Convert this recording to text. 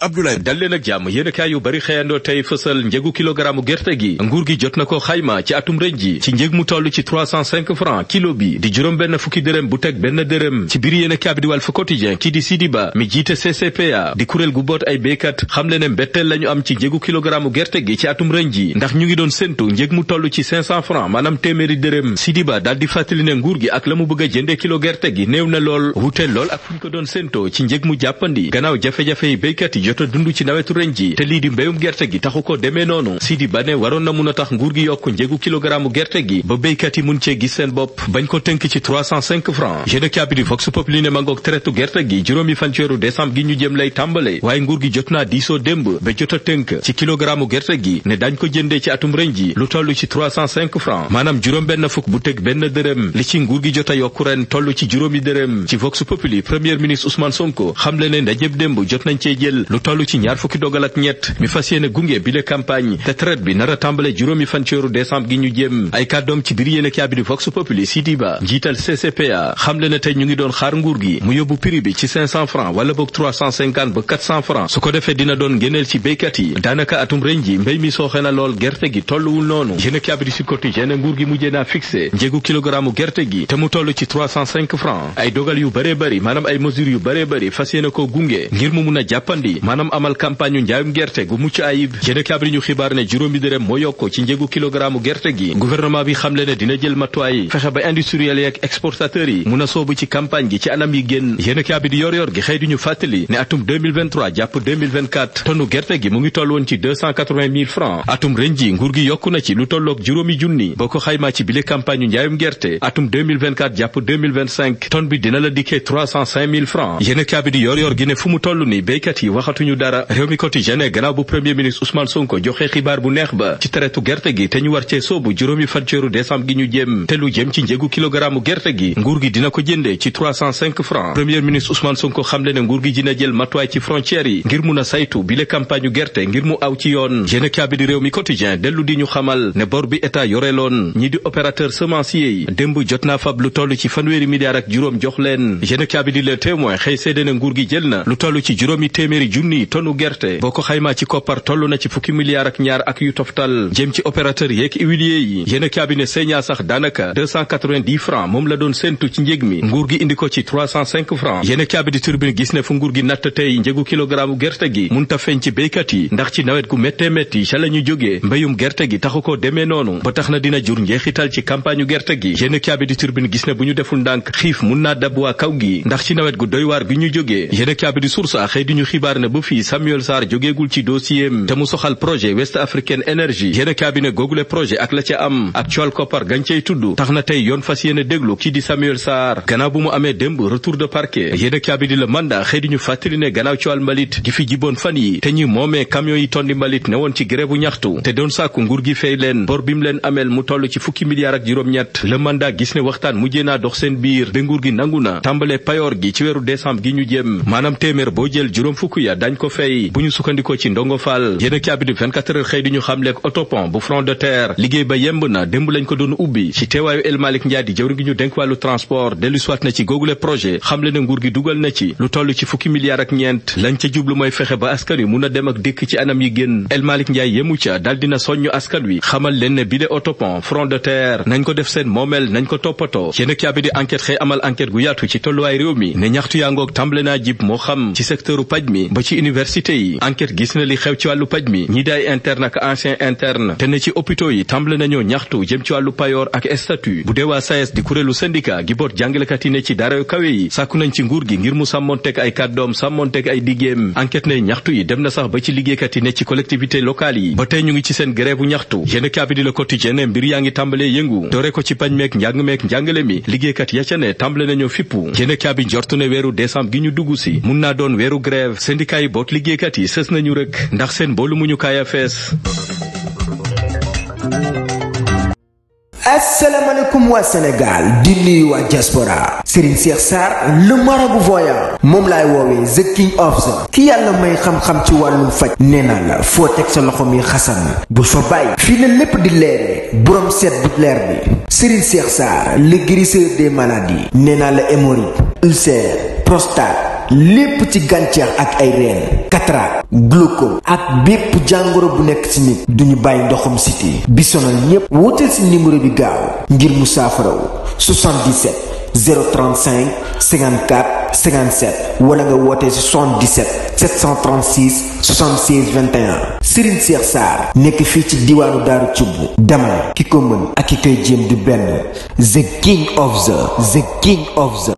Abdoulaye dal leen ak jàmm yéen kaay yu bari xëyandoo tey fësal njëgu kilogaraamu gerte gi nguur gi jot na ko xayma ci atum rën ji ci njëg mu toll ci 305 francs kilo bi di juróom benn fukki dërëm bu teg benn dërëm ci biir yéen a kaay bi di Walf Quotidien kii di Sidi Ba mi jiite CCPA di kuréel gu boot ay béykat xam le ne mbetteel lañu am ci njëgu kilogaramu gerte gi ci atum rën ji ndax ñu ngi doon séntu njëg mu toll ci 500 francs maanaam téeméeri dërëm Sidi Ba daal di fàttali ne nguur gi ak la mu bëgg a jëndee kilo gi néew na lool wuute lool ak fu ko doon séntoo ci njëg mu jàppandi gannaaw jafe béykat yi jot dund ci nawetu ren ji te lii di mbéyum gerte gi taxu ko demee noonu ba ne waroon na mun a tax nguur gi yokk njëgu kilogaraamu gerte gi ba béykat yi mun cee gis seen bopp bañ ko tënk ci 305 francs yéena kaabidi vox populi ne mangoog traite gerte gi juróomi fan ci weeru décembre gi ñu jëm lay tàmbale waaye nguur gi jot naa diisoo démb ba jot a tënk ci kilogaramu gerte gi ne dañ ko jëndee ci atum ren ji lu toll ci 305 francs maanaam juróom benn fukk bu teg benn dërëm li ci nguur gi jot a yokku ren toll ci juróomi dërëm ci vox populi premier ministre Ousmane Sonko xamle ne ndajëb démb jot nañ cee jël lu toll ci ñaar fukki dogal ak ñett mi fas yéene gunge bi le campagne te traite bi nar a tàmbale juróomi fan ci weeru décembre gi ñu jéem ay kàddoom ci biir yéene kaabidi vox populi Sidi Ba njiital CCPA xamle na tey ñu ngi doon xaar nguur gi mu yóbbu prix bi ci 500 francs wala boog 350 ba 400 francs su ko defee dina doon ngéneel ci béykat yi daanaka atum ren ji mbéy mi sooxe na lool gerte gi tolluwul noonu yéene kaabidi Sud Quotidien nguur gi mujjee naa fixé njégu kilogramme gerte gi te mu toll ci 305 francs ay dogal yu bëree bëri maanaam ay yu bëree bëri fas yéene koo gunge ngir mu mun a jàppandi maanaam amal campagne yu njaayum gerte gu mucc ayib yéenekaay bi ñu xibaar ne juróomi dërëm moo yokk ci njëgu kilogramme gerte gi gouvernement bi xamle ne dina jël matuwaay fexe ba industriel yeeg exportateur yi mun na soobu ci campagne gi ci anam yi génn yéenekaay bi di yor yor gi xëy di ñu fàttali ne atum 2023 jàpp 2024 tonu gerte gi mu ngi toll woon ci 280 000 francs atum ren ji nguur gi yokku na ci lu tolloog juróomi junni boo ko xaymaa campagne yu njaayum gerte atum 2024 jàpp 2025 tonne bi dina la dikkee 305 000 francs yéenekaay bi di yor yor gi ne fu mu toll ni béykat yi waxat mënatuñu dara réew mi quotidien ne gannaaw bu premier ministre Ousmane Sonko joxe xibaar bu neex ba ci traite gerte gi te ñu war cee soobu juróomi fan ceeru décembre gi ñu jëm te lu jëm ci njëgu kilogramme gerte gi nguur gi dina ko jënde ci 305 francs premier ministre Ousmane Sonko xamle ne nguur gi dina jël matuwaay ci frontières yi ngir mun a saytu bile campagne gerte ngir mu aw ci yoon yéena kaabi di réew mi quotidien dellu di ñu xamal ne bor bi état yoreloon ñi di opérateur semencier yi démb jot naa fab lu toll ci fanweeri milliards ak juróom jox leen yéena kaabi di le témoin xëy seede ne nguur gi jël na lu toll ci juróomi téeméeri junni junniy tonu gerte boo ko xaymaa ci koppar toll na ci fukki milliards ak ñaar ak yu toftal jëm ci opérateur yeek huilier yi yéena cabinet seeñaa sax daanaka francs moom la doon séentu ci njëg nguur gi indi ci 305 francs yéena cabinet turbine gis ne fu nguur gi natt tey njëgu kilogramme gerte gi munta feeñ ci béykat ndax ci nawet gu méttee métti ca la ñu jógee mbéyum gerte gi taxu ko demee noonu ba tax na dina jur njeexital ci campagne u gerte gi yéena cabinet a xëy di ñu xibaar ba fii Samuel Sarr jógeegul ci dossieram te mu soxal projet West African Energy yéen a cabinet projet ak la am ak cool koppar gàncey tudd tax tey yoon fas yéen a déglu ci Samuel Sarr gannaaw bu mu amee démb retour de parquet yéen a la mandat xëy di ñu fàttali ne gannaaw coowal mbalit gi fi jiboon fan yi te ñi moomee camion yi tondi mbalit ne woon ci grève bu te doon sàkku nguur gi leen bor ameel mu toll ci fukki milliards ak juróom dañ ko fay bu ñu sukkandikoo ci ndongo Fall yéen a caabidi 24 heures xëy di ñu xamleek autopont bu front de terre liggéey ba yemb na démb lañ ko doon ubbi ci teewaayu El Malick di jëwriñ ñu dénk wàllu transport dellu siwaat na ci googule projet xamle na nguur gi dugal na ci lu toll ci fukki milliards ak ñeent lañ ca jublu mooy fexe ba askan wi mun a dem ak dikk ci anam yi génn El Malick yemu ca dal dina soññu askan wi xamal leen ne bi de front de terre a caabidi ci université yi enquête gis na li xew ci wàllu paj mi ñi daay interne ak ancien interne te ci hôpitaux yi tàmbale nañoo ñaxtu jëm ci wàllu payoor ak statut bu dee waa SAES e di kuréelu syndicat gi boot jàngalekat yi ne ci daara yi sàkku nañ ci nguur gi ngir mu sàmmonteeg ay ne ñaxtu yi dem na sax ba ci liggéeykat yi ne ci collectivité locale yi ba tey ñu ngi ci seen grève bu ñaxtu yéen kaa bi di la quotidien ne mbir yaa ngi tàmbalee yëngu doore ko ci pañ meek njàng meek njàngale mi liggéeykat ya ca ne tàmbale fippu yéen kaa njortu ne weeru décembre gi ñu dugg mun naa doon weeru grève syndicat kaay boot liggéeykat yi sës nañu rëkk ndax seen boolu mu ñu kaay a waa Sénégal di nuyu waa diaspora Serigne Cheikh Sarr le marabout voyant moom laay woowee the king of the ki yàlla may xam-xam ci wàllum faj nee naa la foo teg sa loxo mi xasan bu fa bàyyi fii la lépp di leere borom seet bu leer bi Serigne Cheikh Sarr le guérisseur des maladies nee naa la hémorroïde ulcère prostate lépp ci gàncax ak ay reen cataracte glaucome ak bépp jàngoro bu nekk ci nit duñu bàyyi ndoxum siti bi sonal ñépp wóotal ci numéro bi gaaw ngir mu saafarawu 77 035 54 57 wala nga woote 77 736 76 21 Serigne Cheikh Sarr nekk fii ci diwaanu Daaru Cubb demal ki ko mën ak ki koy jéem du benn the king of the the king of the